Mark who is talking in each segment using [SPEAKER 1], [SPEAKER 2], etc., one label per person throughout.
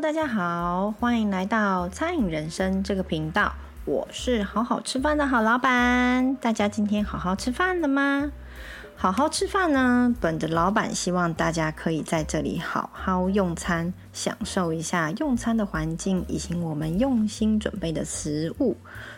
[SPEAKER 1] 大家好，歡迎來到餐飲人生這個頻道，我是好好吃飯的好老闆。大家今天好好吃飯了嗎？好好吃飯呢。本着老闆希望大家可以在這裡好好用餐，享受一下用餐的環境以及我們用心準備的食物，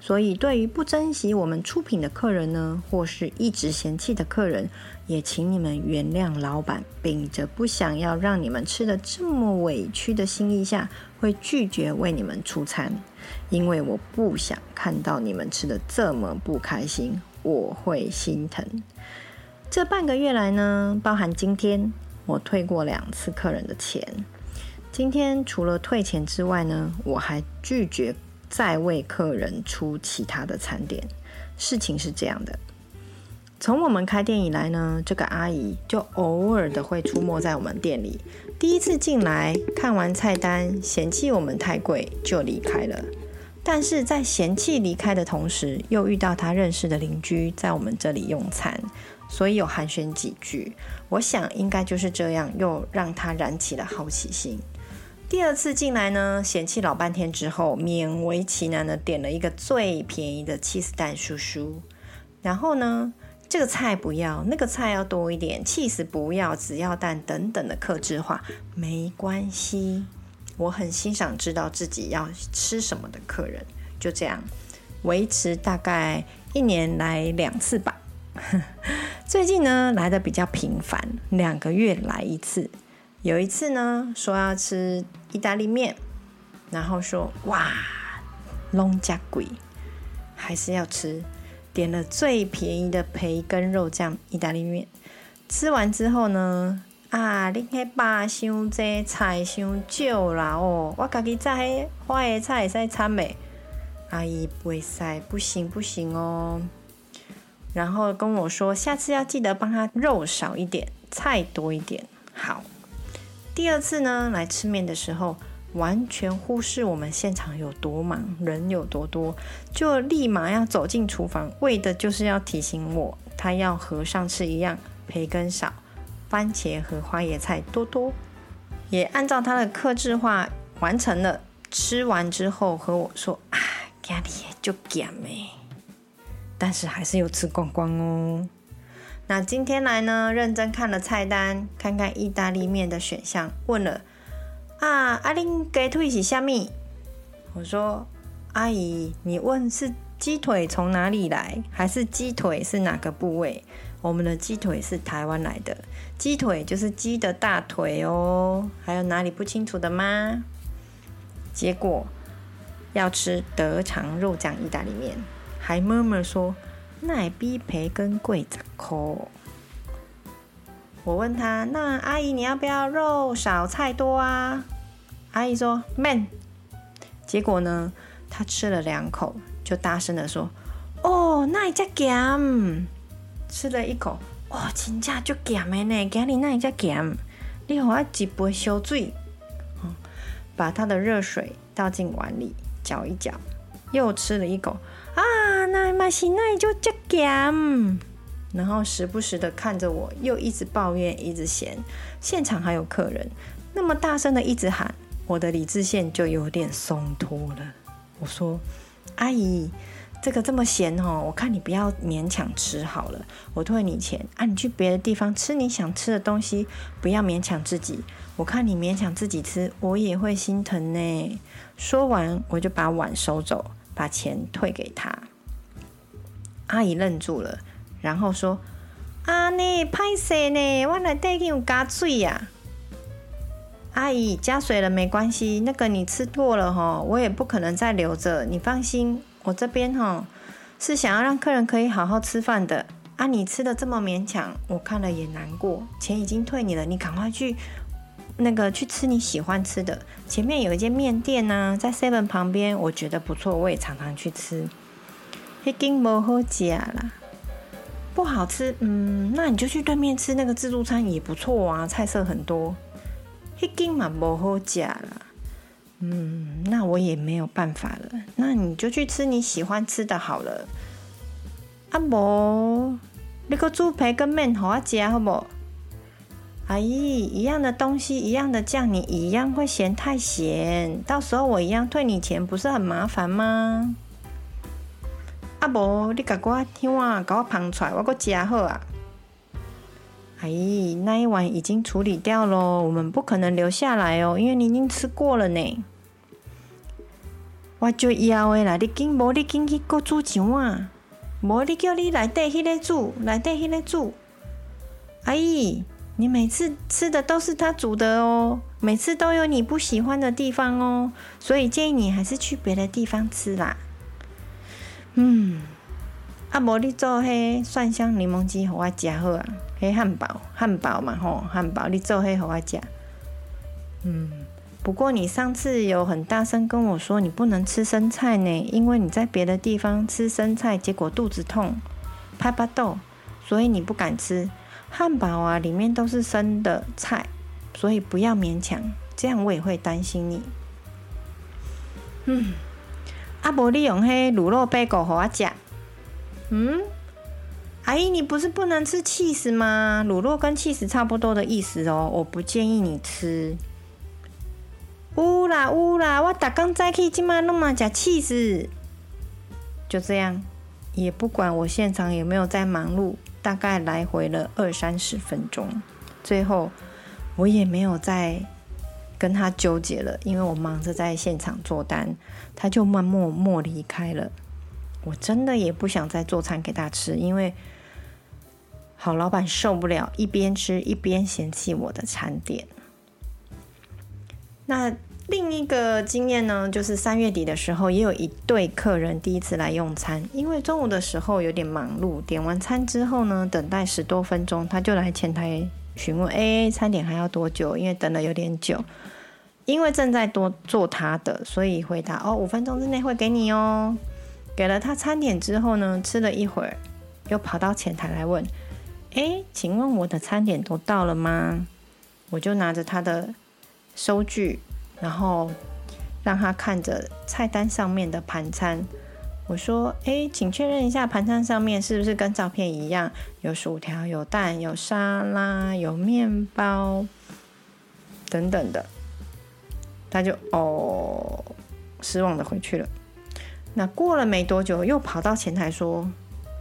[SPEAKER 1] 所以對於不珍惜我們出品的客人呢，或是一直嫌棄的客人，也請你們原諒老闆。秉着不想要讓你們吃得這麼委屈的心意下，會拒絕為你們出餐，因為我不想看到你們吃得這麼不開心，我會心疼。這半個月來呢，包含今天，我退過兩次客人的錢。今天除了退錢之外呢，我還拒絕再為客人出其他的餐點。事情是這樣的，從我們開店以來呢，這個阿姨就偶爾的會出沒在我們店裡。第一次進來，看完菜單，嫌棄我們太貴，就離開了。但是在嫌棄離開的同時，又遇到他認識的鄰居在我們這裡用餐，所以有寒暄幾句。我想應該就是這樣，又讓他燃起了好奇心。第二次進來呢，嫌棄老半天之後，勉為其難的點了一個最便宜的 c 死蛋叔叔。然後呢，這個菜不要，那個菜要多一點 c 死不要，只要蛋等等的克制化，沒關係。我很欣賞知道自己要吃什麼的客人，就這樣維持大概一年來兩次吧。 最近呢，來的比較頻繁，兩個月來一次。有一次呢，說要吃意大利麵，然後說哇，龍家貴，還是要吃，點了最便宜的培根肉醬意大利麵。吃完之後呢？啊！你遐巴傷濟菜傷少啦哦，我家己在花個菜在摻的，阿姨袂使，不行不行哦。然後跟我說，下次要記得幫他肉少一點，菜多一點。好，第二次呢來吃麵的時候，完全忽視我們現場有多忙，人有多多，就立馬要走進廚房，為的就是要提醒我，他要和上次一樣，培根少。番茄和花椰菜多多，也按照他的客製化完成了。吃完之後和我說：“啊，減點就減唄。”但是還是有吃光光哦。那今天來呢，認真看了菜單，看看意大利麵的選項，問了：“啊，阿、啊、玲，雞腿是蝦米？”我說：“阿姨，你問是雞腿從哪裡來，還是雞腿是哪個部位？”我們的雞腿是台灣來的，雞腿就是雞的大腿哦。還有哪裡不清楚的嗎？結果要吃德腸肉醬意大利麵，還 murmur 說，奈逼培根貴雜摳。我問他，那阿姨你要不要肉少菜多啊？阿姨說，man。結果呢，他吃了兩口，就大聲的說，哦，奈一家 gam 吃了一口，哦，甜假就鹹的呢，咖你那也加鹹，你給我一杯燒水，嗯，把他的熱水倒進碗裡，攪一攪，又吃了一口，啊，那麥西那也就加鹹，然後時不時的看着我，又一直抱怨，一直嫌，現場還有客人，那麼大聲的一直喊，我的理智線就有點鬆脫了，我說，阿姨。這個這麼鹹哦！我看你不要勉強吃好了，我退你錢啊！你去別的地方吃你想吃的東西，不要勉強自己。我看你勉強自己吃，我也會心疼呢。說完，我就把碗收走，把錢退給他。阿姨愣住了，然後說：“阿呢拍誰呢？我來帶給我加水呀、啊！”阿姨加水了沒關係，那個你吃過了吼，我也不可能再留着，你放心。我這邊哈是想要讓客人可以好好吃飯的啊！你吃的這麼勉強，我看了也難過。錢已經退你了，你趕快去那個去吃你喜歡吃的。前面有一間麵店呢、啊，在 Seven 旁邊，我覺得不錯，我也常常去吃。Hiking 冇好食啦，不好吃。嗯，那你就去對面吃那個自助餐也不錯啊，菜色很多。Hiking 嘛冇好食啦。嗯，那我也沒有辦法了。那你就去吃你喜歡吃的好了。阿伯，那個豬排跟麵好阿加好不？哎姨一樣的東西，一樣的醬，你一樣會嫌太鹹。到時候我一樣退你錢，不是很麻煩嗎？阿伯，你趕快聽話給我捧出來，我擱加好啊。哎姨，那一碗已經處理掉了，我們不可能留下來哦，因為你已經吃過了呢。我就要的啦，你進，無你進去過煮粥啊，無你叫你來得迄個煮，來得迄個煮。阿姨，你每次吃的都是他煮的哦，每次都有你不喜歡的地方哦，所以建議你還是去別的地方吃啦。嗯，啊，無你做迄蒜香檸檬雞給我食好啊，迄漢堡，漢堡嘛吼，漢堡你做迄給我食，嗯。不過你上次有很大聲跟我說你不能吃生菜呢，因為你在別的地方吃生菜，結果肚子痛，拍巴豆，所以你不敢吃漢堡啊，裡面都是生的菜，所以不要勉強，這樣我也會擔心你。嗯，阿伯利用黑滷肉杯狗和我講，嗯，阿姨你不是不能吃 cheese 嗎？滷肉跟 cheese 差不多的意思哦，我不建議你吃。烏啦烏啦，我打工在去，今晚弄馬甲氣死。就這樣，也不管我現場有沒有在忙碌，大概來回了二三十分鐘，最後我也沒有再跟他糾結了，因為我忙着在現場做單，他就默默默離開了。我真的也不想再做餐給他吃，因為好老板受不了，一邊吃一邊嫌棄我的餐點。那。另一個經驗呢，就是三月底的時候，也有一對客人第一次來用餐。因為中午的時候有點忙碌，點完餐之後呢，等待十多分鐘，他就來前台詢問：“誒，餐點還要多久？”因為等了有點久，因為正在多做他的，所以回答：“哦，五分鐘之內會給你哦。”給了他餐點之後呢，吃了一會兒，又跑到前台來問：“誒，請問我的餐點都到了嗎？”我就拿着他的收據。然後讓他看着菜單上面的盤餐，我說：“哎，請確認一下盤餐上面是不是跟照片一樣，有薯條、有蛋、有沙拉、有麵包等等的。”他就哦，失望的回去了。那過了沒多久，又跑到前台說：“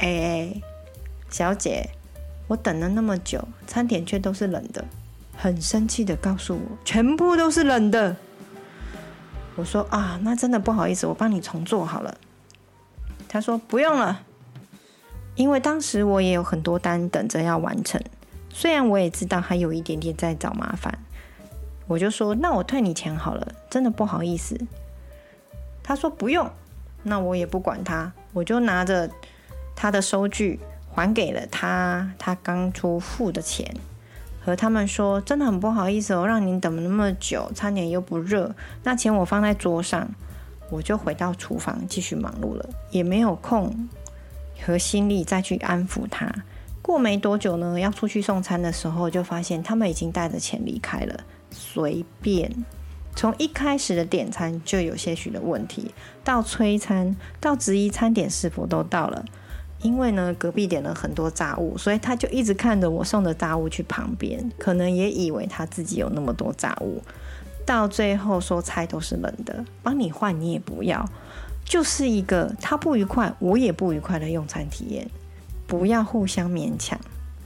[SPEAKER 1] 哎哎，小姐，我等了那麼久，餐點卻都是冷的，很生氣的告訴我，全部都是冷的。”我說啊，那真的不好意思，我幫你重做，好了。他說不用了，因為當時我也有很多單等着要完成。雖然我也知道他有一點點在找麻煩，我就說，那我退你錢好了，真的不好意思。他說不用，那我也不管他，我就拿着他的收據還給了他，他剛出付的錢。和他們說，真的很不好意思哦，讓您等那麼久，餐點又不熱，那錢我放在桌上，我就回到廚房繼續忙碌了，也沒有空和心力再去安撫他。過沒多久呢，要出去送餐的時候，就發現他們已經帶着錢離開了。隨便，從一開始的點餐就有些許的問題，到催餐，到質疑餐點是否都到了。因為呢，隔壁點了很多炸物，所以他就一直看着我送的炸物去旁邊，可能也以為他自己有那麼多炸物。到最後說菜都是冷的，幫你換你也不要，就是一個他不愉快，我也不愉快的用餐體驗。不要互相勉強。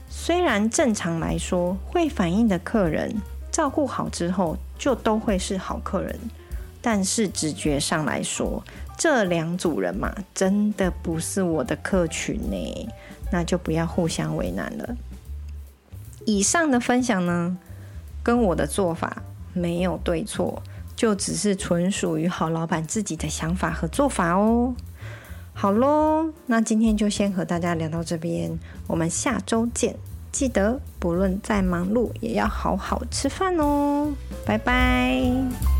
[SPEAKER 1] 雖然正常來說，會反應的客人照顧好之後，就都會是好客人，但是直覺上來說。這兩組人嘛，真的不是我的客群呢，那就不要互相為難了。以上的分享呢，跟我的做法沒有對錯，就只是純屬於好老闆自己的想法和做法哦。好嘍，那今天就先和大家聊到這邊，我們下週見。記得不論再忙碌，也要好好吃飯哦。拜拜。